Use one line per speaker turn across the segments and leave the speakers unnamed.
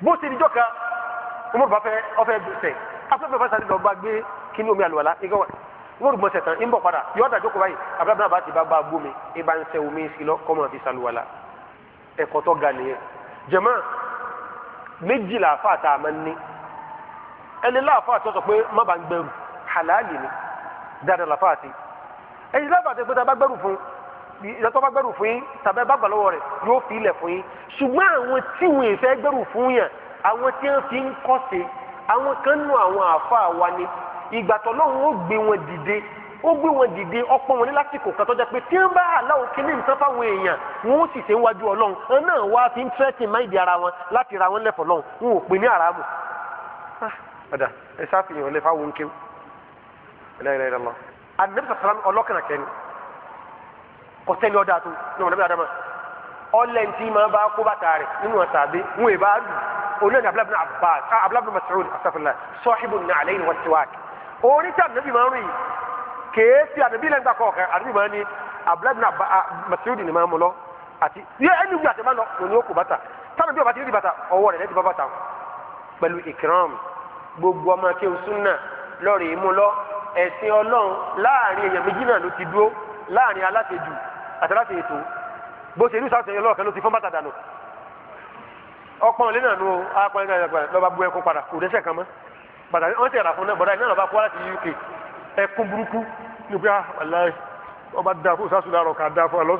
bó ti dijọ́ kan umaru bá fẹ́ ọfẹ́ sẹ̀ afẹ́fẹ́ bá sáré lọ́ọ́ bá gbé kíní omi àlùwàlá igi wà umaru bọ́ sẹ̀ tán ń bọ̀ padà yọ ọ́ dàjọ́ kó báyìí abúlé bá ti bá bá gbó mi ẹ bá ń sẹ omi sí lọ kọ́ mọ́ fi sàlùwàlá ẹ̀kọ́ tó ga nìyẹn jẹ̀mọ́ méjìlá àfa tá a máa ń ní ẹni láàfa àti ọ̀sọ̀ pé má bàa gbẹrù halali ni dáadáa làfa àti ẹ̀yìn láàfa àti pé tá a bá gbẹrù fún un ìjọ tó bá gbẹrù fún yín tàbí bá gbà lọ́wọ́ rẹ̀ yóò fi ilẹ̀ fún yín ṣùgbọ́n àwọn tí wọn ì fẹ́ gbẹrù fún yàn àwọn tí wọn fi ń kọ́ sí àwọn kan nù àwọn àfa wa ni ìgbà tó lọ́hùn ó gbé wọn dìde ó gbé wọn dìde ọ̀pọ̀ wọn ní lásìkò kan tọ́jà pé tí wọn bá aláwọ̀ kíní nǹkan fáwọn èèyàn wọn ó sì ṣe ń wájú ọlọ́run wọn náà wá fi ń tẹ́tì má ìdí ara wọn láti ra wọn lẹ́fọ̀ lọ́hùn wọn ò pè ní àràmù. Ah, padà ẹ sáfìyàn lè fáwọn ń kéwù. ẹ lẹ́yìn lẹ́yìn lọ́wọ́. àdìmẹ́bí sàtàlámù ọlọ́kànà kẹ́ni kọsẹni ọdọ ato ní ọmọdé bí adama ọlẹnti máa bá kó bàtà rẹ nínú ọsàbí ń wè bá lù oní ẹni abúlábùnú abbas ah abúlábùnú masoud asafúnla sọhibu nàlẹ yìí wọn ti wá oní tí anabi máa ń rìn kéésì anabi lẹ́nu gbà kọ̀ọ̀kan anabi máa ń ní abúlábùnú ah, masoud ni máa ń mú lọ àti yẹ ẹni wù àti máa lọ lóní ó kó bàtà táwọn bí ti rí bàtà ọwọ́ rẹ̀ lẹ́tì bá bàtà pẹ̀lú ìkìrán gbogbo ọmọ akéwù súnà lọ́ọ̀rì ìmúlọ ẹ̀sìn ọlọ́run láàrin èèyàn méjì náà ló ti dúró láàrin aláṣejù àtàláṣe ètò bó ṣe irúṣà ṣe lọ́ọ̀kẹ́ ló ti fọ́n bàtà dànù ọpọ́n ilé náà nu apọ́n ilé náà lọ́ba bu ẹkún padà kò dẹ́sẹ̀ kan mọ́ bàtà wọ́n ti rà fún náà bọ̀dá iná lọ́ba kó láti UK ẹkún burúkú ọba da kó sásù dárọ̀ ká da fún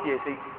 ta